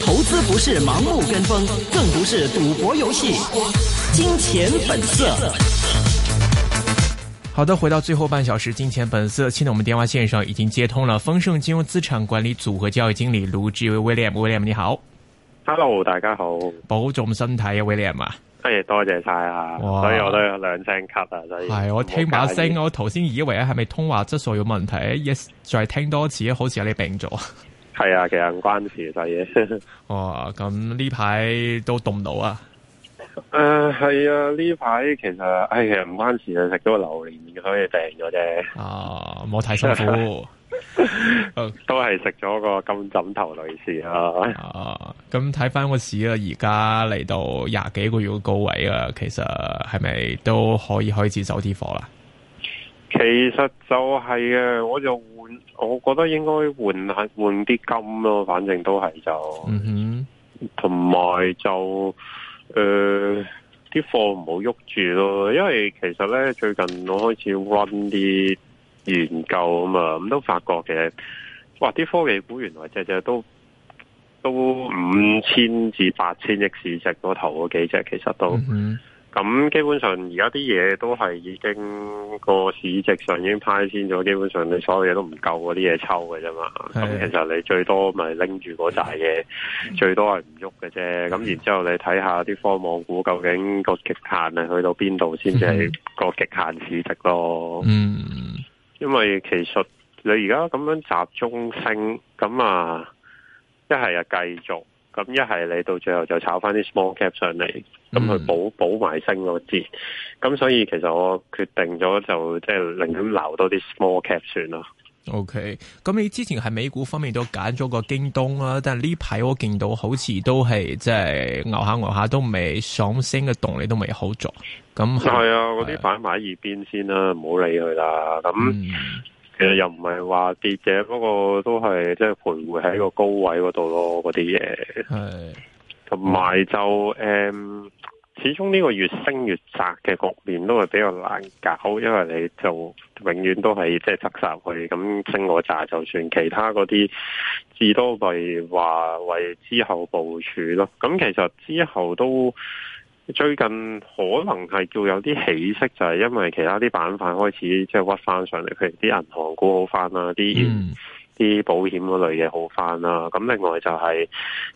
投資不是盲目跟風，更不是賭博遊戲。金錢本色。好的，回到最後半小時，金錢本色。現在我們電話線上已經接通了，豐盛金融資產管理組合交易經理盧志威 William，William 你好。Hello，大家好。保重身體，William 啊。多謝多謝晒啊！哇所以我都有兩聲咳啊，所以係我聽把聲，我頭先以為咧係咪通話質素有問題？Yes，再聽多次，好似有你病咗。係啊，其實唔關事嘅，細嘢。哦，咁呢排都凍到啊？誒，係啊，呢排其實誒，其實唔、哎、關事啊，食咗個榴蓮所以病咗啫。哦、啊，冇太辛苦。 都係食咗個金枕頭女士啊，啊，咁睇翻個市啊，而家嚟到廿幾個月高位啊，其實係咪都可以開始走啲貨啦？其實就係、是、啊，我就換，我覺得應該換下換啲金咯，反正都係就，嗯哼，同埋就誒，啲貨唔好喐住咯，因為其實咧最近我開始溫啲。研究啊嘛，咁都發覺嘅，哇！啲科技股原來隻隻都都五千至八千億市值嗰頭，嗰幾隻其實都，咁、嗯嗯嗯、基本上而家啲嘢都係已經個市值上已經派先咗，基本上你所有嘢都唔夠嗰啲嘢抽嘅啫嘛，咁、嗯嗯、其實你最多咪拎住嗰扎嘢，嗯、最多係唔喐嘅啫，咁、嗯嗯、然之後你睇下啲科網股究竟個極限係去到邊度先至係個極限市值咯。嗯嗯因為其實你而家咁樣集中升，咁啊一係啊繼續，咁一係你到最後就炒翻啲 small cap 上嚟，咁、嗯、去補補埋升嗰支，咁所以其實我決定咗就即係寧願留多啲 small cap 算咯。OK，咁你之前喺美股方面都揀咗個京東啦，但係呢排我見到好似都係即係牛下牛下都未上升嘅，動力都未好足。咁係啊，嗰啲擺埋一邊先啦，唔好理佢啦。咁、嗯、其實又唔係話跌嘅，不過都係即係徘徊喺個高位嗰度咯，嗰啲嘢。係同埋就誒。嗯嗯始終呢個越升越窄嘅局面都係比較難搞，因為你就永遠都係即係執晒佢咁升個咋就算，其他嗰啲至多係話為之後部署咯。咁其實之後都最近可能係叫有啲起色，就係、是、因為其他啲板塊開始即係屈翻上嚟，譬如啲銀行股好翻啦，啲。嗯啲保險嗰類嘢好翻啦，咁另外就係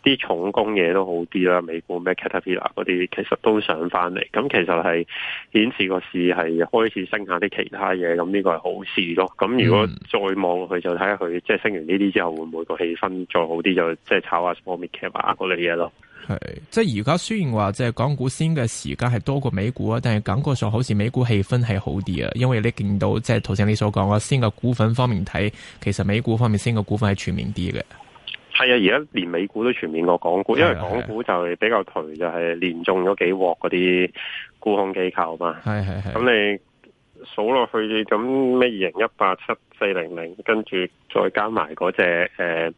啲重工嘢都好啲啦，美股咩 Caterpillar 嗰啲，其實都上翻嚟。咁其實係顯示個市係開始升下啲其他嘢，咁呢個係好事咯。咁如果再望佢，mm. 就睇下佢即係升完呢啲之後會唔會個氣氛再好啲，就即係炒下 Small Cap 啊嗰類嘢咯。係，即係而家雖然話即係港股升嘅時間係多過美股啊，但係感覺上好似美股氣氛係好啲啊，因為你見到即係頭先你所講啊，升嘅股份方面睇，其實美股方面升嘅股份係全面啲嘅。係啊，而家連美股都全面過港股，因為港股就係比較頹，就係、是、連中咗幾鑊嗰啲沽空機構嘛。係係係。咁你數落去，咁咩二零一八七四零零，跟住再加埋嗰隻誒。呃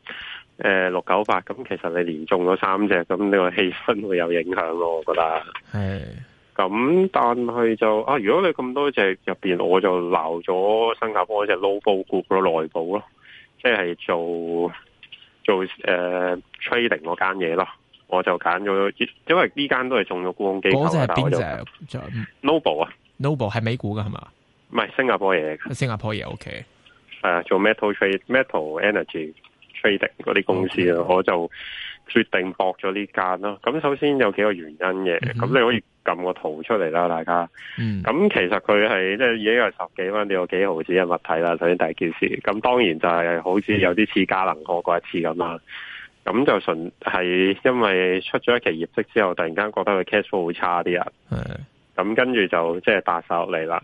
誒，六九八咁，6, 9, 8，其實你連中咗三隻，咁呢個氣氛會有影響咯，我覺得。係的。咁，但係就啊，如果你咁多隻入邊，我就留咗新加坡隻 Noble 股咯，內部咯，即係做做誒 trading 嗰間嘢咯，我就揀咗，因為呢間都係中咗沽空機構。嗰係邊隻？就 Noble 啊，Noble 係美股噶係嘛？唔係新加坡嘢，新加坡嘢 OK。係啊，做 Trade, metal trade，metal energy。飛定嗰啲公司 Okay. 我就決定搏咗呢間咯。咁首先有幾個原因嘅，咁、mm hmm. 你可以撳個圖出嚟啦，大家。咁、mm hmm. 其實佢係即係已經有十幾蚊你有幾毫子嘅物體，啦，首先第一件事。咁當然就係好似有啲似加能破過一次咁啦。咁、mm hmm. 就純係因為出咗一期業績之後，突然間覺得佢 cash flow 好差啲啊。咁、mm hmm. 跟住就即係搭手嚟啦。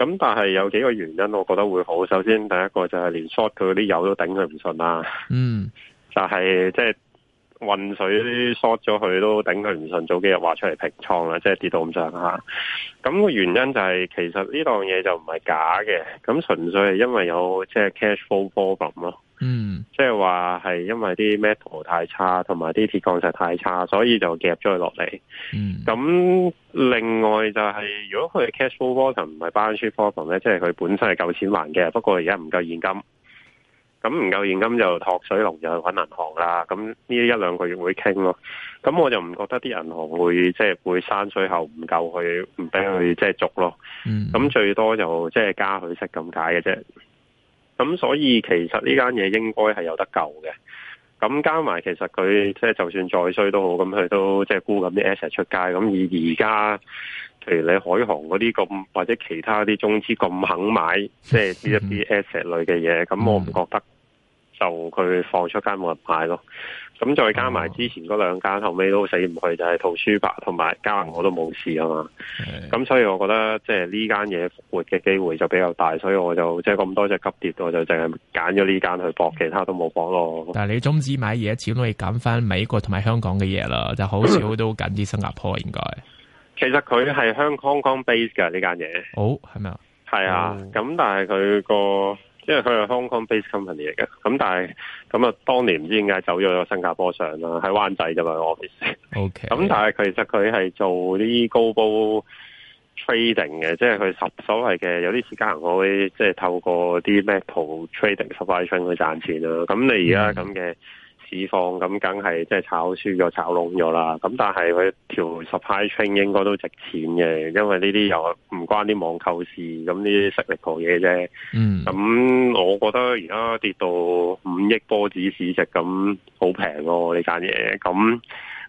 咁但係有幾個原因，我覺得會好。首先，第一個就係連 short 佢啲油都頂佢唔順啦。嗯，是就係即係運水 short 咗佢都頂佢唔順，早幾日話出嚟平倉啦，即係跌到咁上下。咁個原因就係其實呢檔嘢就唔係假嘅，咁純粹係因為有即係 cash flow problem 咯。嗯，即係話係因為啲 metal 太差，同埋啲鐵礦石太差，所以就夾咗佢落嚟。嗯，咁另外就係如果佢 cash flow portion 唔係 balance sheet portion 咧，即係佢本身係夠錢還嘅，不過而家唔夠現金。咁唔夠現金就托水龍就去搵銀行啦。咁呢一兩個月會傾咯。咁我就唔覺得啲銀行會即係、就是、會閂水喉唔夠去，唔俾佢即係續咯。嗯、就是，咁最多就即係加佢息咁解嘅啫。咁所以其實呢間嘢應該係有得救嘅。咁加埋其實佢即係就算再衰都好，咁佢都即係沽緊啲 asset 出街。咁而而家譬如你海航嗰啲咁，或者其他啲中資咁肯買，即係呢一啲 asset 類嘅嘢，咁我唔覺得。就佢放出間冇人買咯，咁再加埋之前嗰兩間，哦、後尾都死唔去，就係、是、圖書吧，同埋嘉華我都冇事啊嘛。咁的所以我覺得即係呢間嘢復活嘅機會就比較大，所以我就即係咁多隻急跌，我就淨係揀咗呢間去搏，其他都冇搏咯。但係你中止買嘢，始終可以揀翻美國同埋香港嘅嘢啦，就好少都揀啲新加坡應該 。其實佢係香港港 base 嘅呢間嘢，好係咪啊？係啊、嗯，咁但係佢、嗰個。因為佢係 Hong Kong based company 嚟嘅，咁但係咁啊，就當年唔知點解走咗去了新加坡上啦，喺灣仔㗎嘛我 office O K. 咁但係其實佢係做啲高波 trading 嘅，即係佢十所謂嘅有啲時間，我會即係透過啲 metro trading subscription 去賺錢啦。咁你而家咁嘅。Yeah. 指況咁梗係即係炒輸咗炒窿咗啦。咁但係佢條十派 train 應該都值錢嘅，因為呢啲又唔關啲網購事，咁呢啲實力貨嘢啫。嗯，咁我覺得而家跌到五億波子市值咁好平咯，你間嘢咁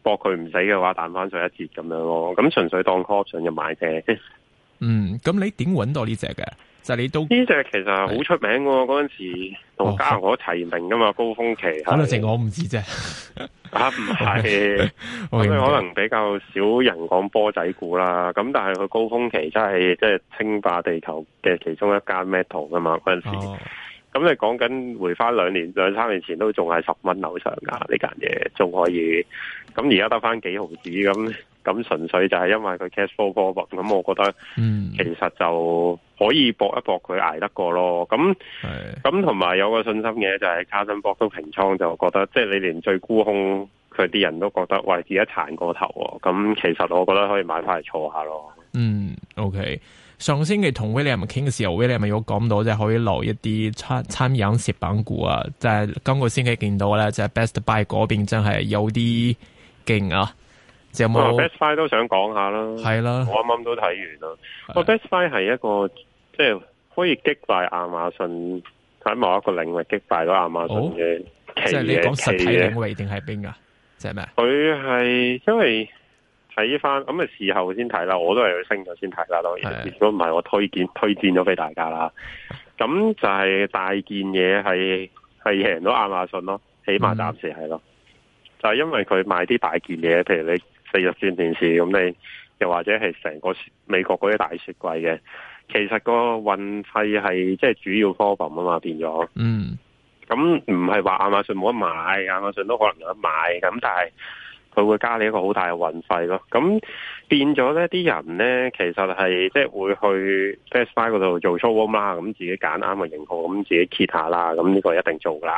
博佢唔使嘅話，賺翻上一折咁樣咯。咁純粹當 call 上就買嘅。嗯，咁你點搵到呢隻嘅？就你都呢隻其實好出名喎，嗰陣是時同嘉禾齊名噶嘛，哦、高峰期可能淨我唔知啫。啊，唔係咁， 可能比較少人講波仔股啦。咁但係佢高峰期真係即係稱霸地球嘅其中一間 metal 㗎嘛，嗰陣時咁、哦、你講緊回翻兩年兩三年前都仲係十蚊樓上噶呢間嘢，仲可以咁而家得翻幾毫子咁咁純粹就係因為佢 cash flow 破本，咁我覺得，嗯，其實就可以搏一搏佢捱得過咯。咁、嗯，咁同埋有個信心嘅就係卡森博都平倉，就覺得即係、就是、你連最沽空佢啲人都覺得喂，自己殘過頭，咁其實我覺得可以買翻嚟坐下咯。嗯，OK，上星期同 William 咪傾嘅時候 William 咪有講到即係可以留一啲餐餐飲食品股啊，即係今個星期見到咧，就係、是、Best Buy 嗰邊真係有啲勁啊。就我 Best Buy 都想講下啦，係啦的，我啱啱都睇完啦。個的 Best Buy 係一個即係可以擊敗亞馬遜喺某一個領域擊敗咗亞馬遜嘅、哦，即係的你講實體領域定係邊啊？即係咩？佢係、就是、因為睇翻咁嘅時候先睇啦，我都係去升咗先睇啦，當然。如果唔係我推薦推薦咗俾大家啦。咁就係大件嘢係係贏到亞馬遜咯，起碼暫時係咯。嗯、就係因為佢賣啲大件嘢，譬如你。四入線電視咁，你又或者係成個美國嗰啲大雪櫃嘅，其實個運費係即係主要科品啊嘛，變咗嗯，咁唔係話亞馬遜冇得買，亞馬遜都可能有得買，咁但係佢會加你一個好大嘅運費咯。咁變咗咧，啲人咧其實係即係會去 Best Buy 嗰度做 showroom 啦，咁自己揀啱個型號，咁自己 keep 下啦，咁呢個一定做噶。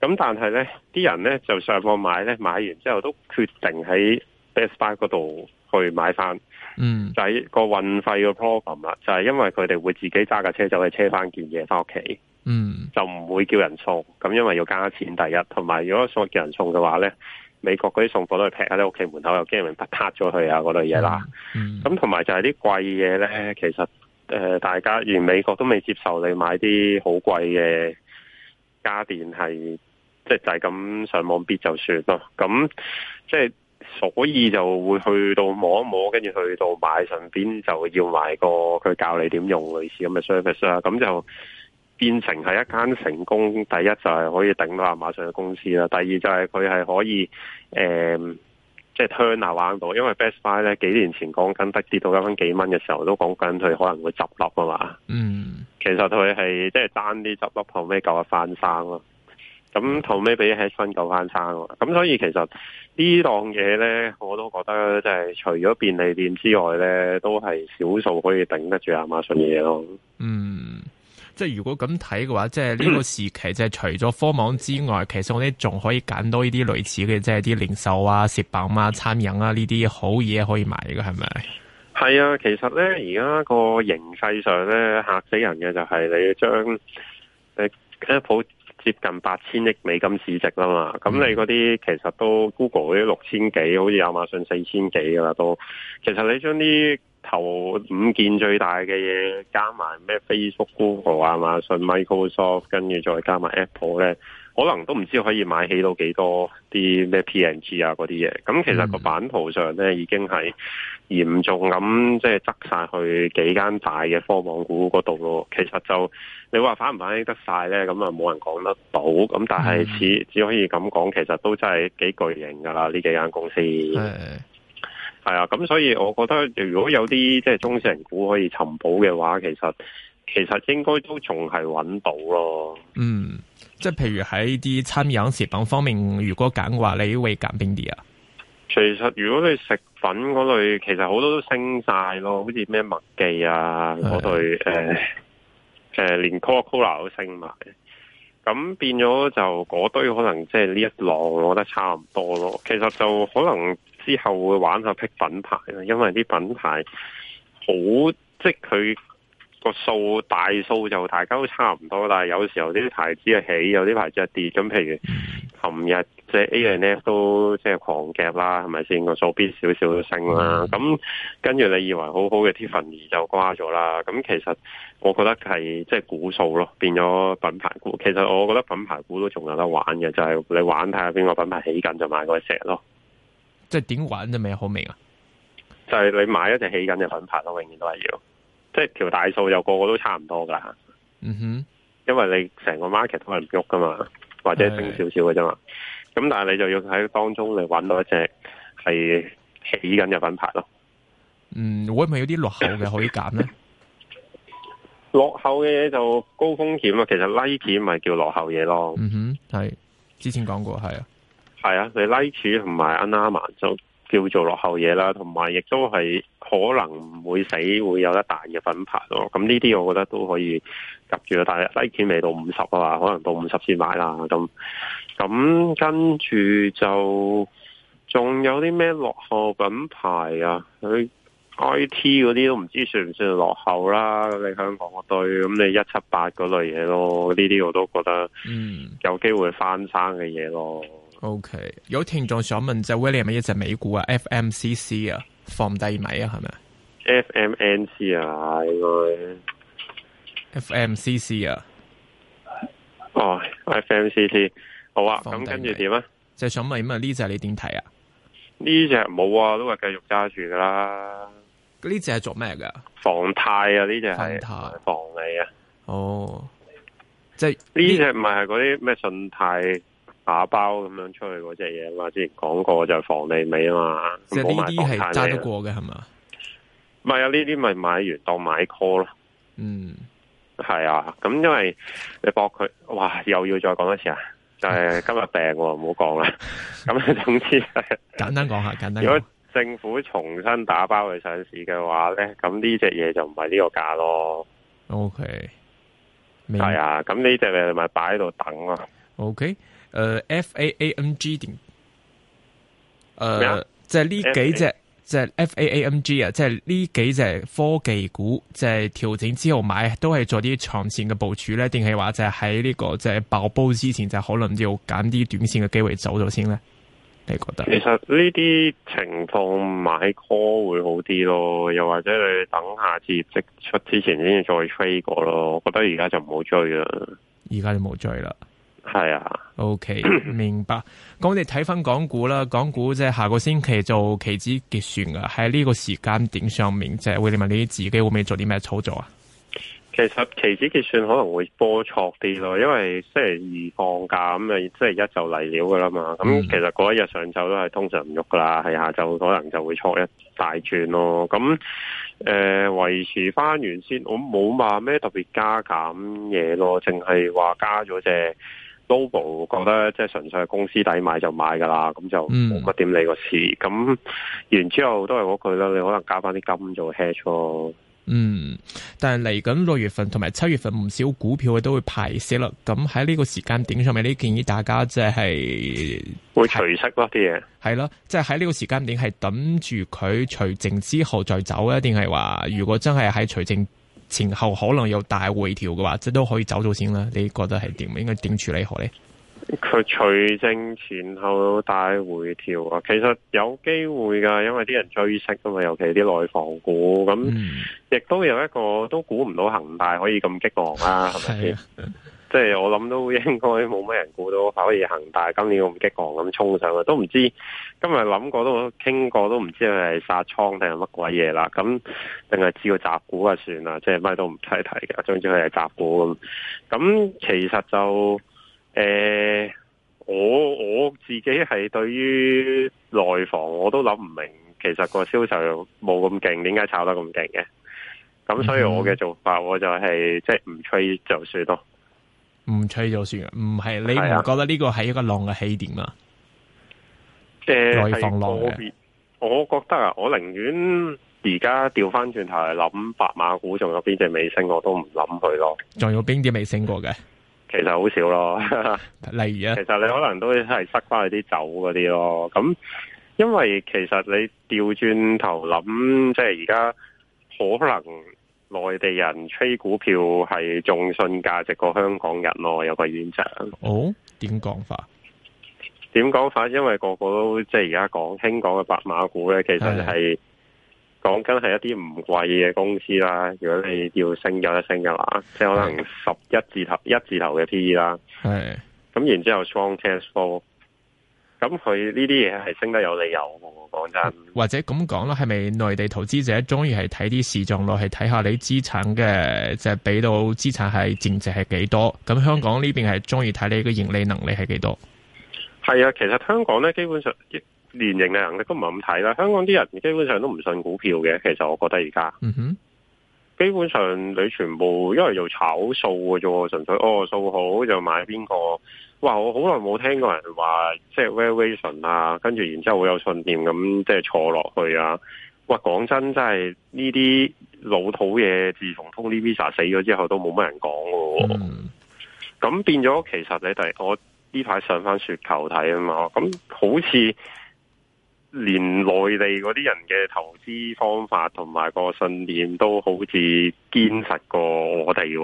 咁但係咧，啲人咧就上網買咧，買完之後都決定喺。best buy 嗰度去買翻，嗯，就係個運費嘅 problem 啦。就係因為佢哋會自己揸架車走去車翻件嘢翻屋企，嗯，就唔會叫人送。咁因為要加錢第一，同埋如果送叫人送嘅話咧，美國嗰啲送貨都係劈喺你屋企門口，又驚人拍咗佢啊嗰類嘢啦。咁同埋就係啲貴嘢咧，其實誒，大家連美國都未接受你買啲好貴嘅家電，係即係就係、是、咁上網 bit 就算咯。咁即係。就是所以就會去到摸一摸，跟住去到買，順便就要買個佢教你點用類似咁嘅 service 啦。咁就變成係一間成功，第一就係可以頂到亞馬遜嘅公司啦。第二就係佢係可以誒，即、呃、係、就是、turn around 到。因為 Best Buy 咧幾年前講緊得跌到一蚊幾蚊嘅時候，都講緊佢可能會執笠啊嘛。嗯，其實佢係即係爭啲執笠後尾救下翻生咯。咁後尾俾 hedge fund 救翻生喎，咁所以其實檔呢檔嘢咧，我都覺得即係除咗便利店之外咧，都係少數可以頂得住亞馬遜嘅嘢咯。嗯，即係如果咁睇嘅話，即係呢個時期，即係除咗科網之外， 其實我哋仲可以揀多呢啲類似嘅，即係啲零售啊、食品啊、餐飲啊呢啲好嘢可以買㗎，係咪？係啊，其實咧，而家個形勢上咧嚇死人嘅就係你將、呃接近八千億美金市值啦嘛，咁你嗰啲其實都 Google 嗰啲六千幾，好似亞馬遜四千幾噶啦都，其實你將啲頭五件最大嘅嘢加埋咩 Facebook、Google、亞馬遜、Microsoft，跟住再加埋 Apple 咧。可能都唔知可以買起到幾多啲咩 P&G 啊嗰啲嘢，咁其實個版圖上咧已經係嚴重咁即係側晒去幾間大嘅科網股嗰度咯。其實就你話反唔反映得晒咧，咁啊冇人講得到。咁但係只只可以咁講，其實都真係幾巨型噶啦呢幾間公司。係啊的，咁所以我覺得如果有啲即係中小型股可以尋寶嘅話，其實其實應該都仲係揾到咯。嗯。即係譬如喺啲餐飲食品方面，如果揀嘅話，你會揀邊啲啊？其實如果你食品嗰類，其實好多都升晒咯，好似咩麥記啊嗰的對誒誒、呃呃，連 Coca-Cola 都升埋。咁變咗就嗰堆可能即係呢一浪，我覺得差唔多咯。其實就可能之後會玩下 pick 品牌啦，因為啲品牌好即係佢。個數大數就大家都差唔多啦，有時候啲牌子係起，有啲牌子係跌。咁譬如琴日即係 A&F 都即係狂夾啦，係咪先個數變少少都升啦？咁、嗯、跟住你以為好好嘅 Tiffany 就瓜咗啦？咁其實我覺得係即係股數咯，變咗品牌股。其實我覺得品牌股都仲有得玩嘅，就係、是、你玩睇下邊個品牌起緊就買個隻咯。即係點玩都未好明啊？就係你買一隻起緊嘅品牌咯，永遠都係要。即係條大數又個個都差唔多噶，嗯哼，因為你成個 market 都係唔喐噶嘛，或者升少少嘅啫嘛，咁的但係你就要喺當中嚟揾到一隻係起緊嘅品牌咯。嗯，會唔會有啲落後嘅可以揀呢？ 落後嘅嘢就高風險啊，其實 k e、like、咪叫落後嘢咯。嗯哼，係，之前講過係啊，係啊，你 like 同埋 a n 安娜曼就。叫做落後嘢啦，同埋亦都係可能唔會死，會有得大嘅品牌咯。咁呢啲我覺得都可以及住咯。但係 Nike 未到五十啊嘛，可能到五十先買啦。咁咁跟住就仲有啲咩落後品牌啊？佢 I T 嗰啲都唔知算唔算落後啦。你香港嗰對，咁你一七八嗰類嘢咯。呢啲我都覺得，嗯，有機會翻生嘅嘢咯。OK，有聽眾想問就 William 係咪一隻美股啊，FMCC 啊，房地美啊係咪？FMNC 啊，應該 FMCC 啊，哦，FMCC 好啊，咁跟住點啊？就係想問咁啊，呢隻你點睇啊？呢隻冇啊，都係繼續揸住噶啦。呢隻係做咩噶？房貸啊，呢隻房貸房地啊。哦、oh.，即係呢隻唔係嗰啲咩信貸？打包咁樣出去嗰隻嘢嘛，之前講過就係房利美啊嘛，即係呢啲係得過嘅係嘛？唔係啊，呢啲咪買完當買 call 咯。嗯，係啊，咁因為你博佢，哇，又要再講一次啊！就係唉 今日病，唔好講啦。咁唉 總之，簡單講下，簡單。如果政府重新打包去上市嘅話咧，咁呢隻嘢就唔係呢個價咯。OK，係啊，咁呢隻咪咪擺喺度等咯。OK。誒、呃、，F A A M G 點、呃？誒麼，即係呢幾隻即係 F A A M G 啊，即係呢幾隻科技股，即係調整之後買，都係做啲長線嘅部署咧？定係話就喺呢個即係爆煲之前，就可能要揀啲短線嘅機會走咗先咧？你覺得？其實呢啲情況買 call 會好啲咯，又或者你等下次積出之前先再飛過咯？我覺得而家就唔好追啦，而家就冇追啦。係啊，OK 明白。咁我哋睇翻港股啦，港股即係下個星期做期指結算噶，喺呢個時間點上面，即係會你問你自己會唔會做啲咩操作啊？其實期指結算可能會波錯啲咯，因為星期二放假咁啊，即係一就嚟料噶啦嘛。咁、嗯、其實嗰一日上晝都係通常唔喐噶啦，係下晝可能就會錯一大轉咯。咁誒維持翻原先，我冇話咩特別加減嘢咯，淨係話加咗啫。多部覺得即係純粹係公司底買就買㗎啦，咁就冇乜點理個事。咁、嗯、完之後都係嗰句啦，你可能加翻啲金做 hedging 嗯，但係嚟緊六月份同埋七月份唔少股票佢都會排泄啦。咁喺呢個時間點上面，呢建議大家即係會除息咯啲嘢。係咯，即係喺呢個時間點係等住佢除淨之後再走咧，定係話如果真係喺除淨？前後可能有大回調嘅話，即都可以走咗先啦。你覺得係點？應該點處理好呢？佢取證前後大回調啊，其實有機會㗎，因為啲人追息啊嘛，尤其啲內房股咁，亦、嗯、都有一個都估唔到恒大可以咁激昂啦，係咪？即係我諗都應該冇乜人估到可以恒大今年咁激昂咁衝上去，都唔知今日諗過都傾過都唔知佢係殺倉定係乜鬼嘢啦。咁定係知個雜股啊算啦，即係乜都唔使提嘅，總之佢係雜股。咁其實就誒、欸，我我自己係對於內房我都諗唔明，其實個銷售冇咁勁，點解炒得咁勁嘅？咁所以我嘅做法我就係、是、即係唔吹就算咯。唔吹就算，唔係你唔覺得呢個係一個浪嘅起點嘛？即係、呃、放浪嘅。我覺得啊，我寧願而家調翻轉頭去諗白馬股，仲有邊隻未升，我都唔諗佢咯。仲有邊啲未升過嘅？其實好少咯，哈哈，例如啊，其實你可能都係塞翻啲酒嗰啲咯。咁因為其實你調轉頭諗，即係而家可能。內地人吹股票係重信價值過香港人咯，有個院長哦，點講法？點講法？因為個個都即係而家講，香港嘅白馬股咧，其實係講緊係一啲唔貴嘅公司啦。如果你要升，就升，有得升嘅話，即係可能十一字頭、一字頭嘅 P E 啦。係咁，然之後 Strong test for 咁佢呢啲嘢係升得有理由，講真。或者咁講啦，係咪內地投資者中意係睇啲市賬率，係睇下你資產嘅，即係俾到資產係淨值係幾多？咁香港呢邊係中意睇你個盈利能力係幾多？係啊，其實香港咧，基本上連盈利能力都唔係咁睇啦。香港啲人基本上都唔信股票嘅，其實我覺得而家，嗯哼、mm，hmm. 基本上你全部因為要炒數嘅啫，純粹哦，數好就買邊個。哇！我好耐冇聽過人話，即係 valuation 啊，跟住然之後好有信念咁即係坐落去啊！哇！講真，真係呢啲老土嘢，自從 Tony Visa 死咗之後，都冇乜人講喎、啊。咁、嗯、變咗，其實你哋我呢排上翻雪球睇啊嘛，咁好似。連內地嗰啲人嘅投資方法同埋個信念都好似堅實過我哋，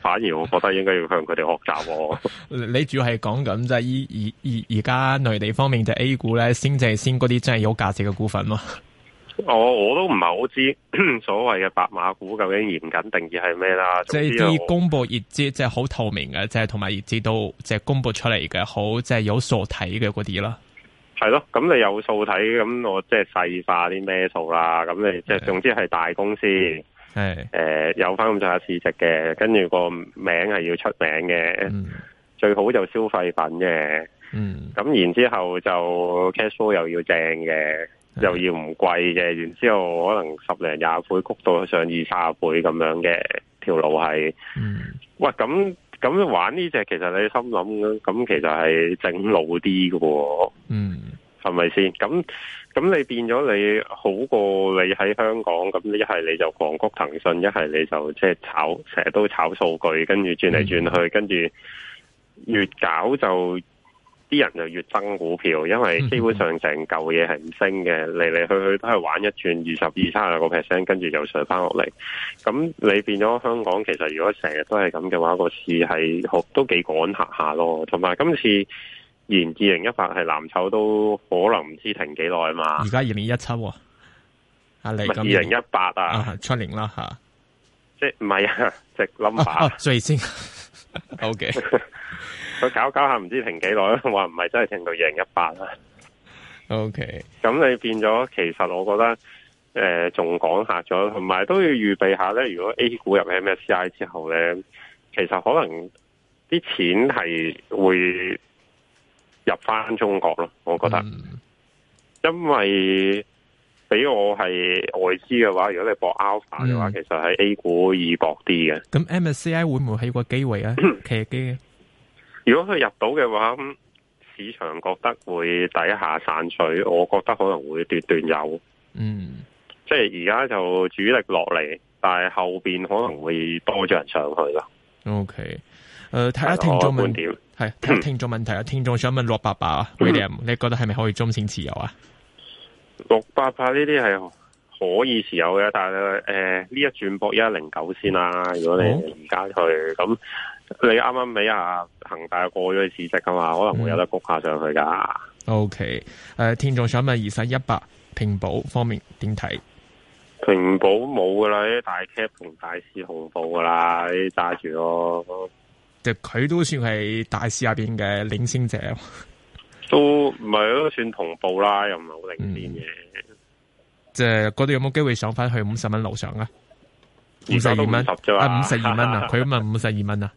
反而我覺得應該要向佢哋學習。 你主要係講緊即係而而而而家內地方面就 A 股咧，先就係先嗰啲真係有價值嘅股份咯 、哦。我我都唔係好知所謂嘅白馬股究竟嚴謹定義係咩啦？即係啲公布業績即係好透明嘅，即係同埋業績都即係公布出嚟嘅，好即係有數睇嘅嗰啲啦。係咯，咁你有數睇，咁我即係細化啲咩數啦，咁你即係總之係大公司，係誒的、呃、有翻咁上下市值嘅，跟住個名係要出名嘅，嗯、最好就消費品嘅，嗯，咁然之後就 cash flow 又要正嘅，的又要唔貴嘅，然之後可能十零廿倍，谷到上二卅倍咁樣嘅，條路係，嗯、喂咁。咁玩呢隻，其實你心諗咁其實係整老啲嘅，嗯，係咪先？咁咁你變咗你好過你喺香港，咁一係你就狂谷騰訊，一係你就即係炒，成日都炒數據，跟住轉嚟轉去，跟住越搞就。啲人就越憎股票，因為基本上成舊嘢係唔升嘅，嚟嚟、嗯、哼去去都係玩一轉二十二三十個 percent，跟住又上翻落嚟。咁你變咗香港，其實如果成日都係咁嘅話，個市係好都幾趕下下咯。同埋今次延二零一八係藍籌都可能唔知停幾耐嘛。而家二零一七啊，零一八啊，出、啊、年啦吓、啊。即係唔係啊？直冧 n u 先 OK。 佢搞搞下唔知停幾耐啦，話唔係真係停到二零一八啦。OK，咁你變咗，其實我覺得誒，仲、呃、講下咗，同埋都要預備下咧。如果 A 股入 MSCI 之後咧，其實可能啲錢係會入翻中國咯。我覺得，嗯、因為俾我係外資嘅話，如果你博 Alpha 嘅話，嗯、其實係 A 股易博啲嘅。咁 MSCI 會唔會係個機會啊？騎機啊。如果佢入到嘅話，市場覺得會第一下散水，我覺得可能會斷斷有。嗯，即係而家就主力落嚟，但係後邊可能會多咗人上去咯。OK，誒，睇、呃、下聽眾觀點，係聽眾問題啊。 聽眾想問六八八 William，你覺得係咪可以中線持有啊？六八八呢啲係可以持有嘅，但係誒呢一轉博一零九先啦。如果你而家去咁。哦那你啱啱尾啊，恒大過咗去市值㗎嘛，可能會有得谷下上去噶。O K，誒，聽、okay. 眾、呃、想問二十一百平保方面點睇？平保冇噶啦，大 cap 同大市同步噶啦，揸住咯。就佢都算係大市入邊嘅領先者，都唔係都算同步啦，又唔係好領先嘅。即係嗰度有冇機會上翻去五十蚊樓上啊？五十二蚊啊，五十二蚊啊，佢 問五十二蚊啊。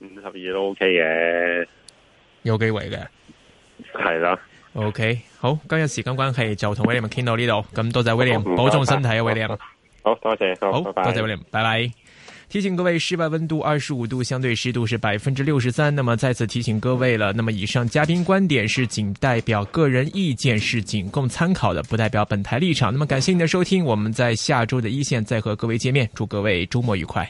五十二都 OK 嘅，有機會嘅，係啦了。OK，好，今日時間關係就同 William i 位咪傾到呢度。咁多謝 William 保重身體，William William 好，好多謝，好，好多謝 William 拜拜，拜拜。提醒各位室外溫度二十五度，相對濕度是百分之六十三。那麼再次提醒各位了，那麼以上嘉賓觀點是僅代表個人意見，是僅供參考的，不代表本台立場。那麼感謝您的收聽，我們在下週的一線再和各位見面。祝各位週末愉快。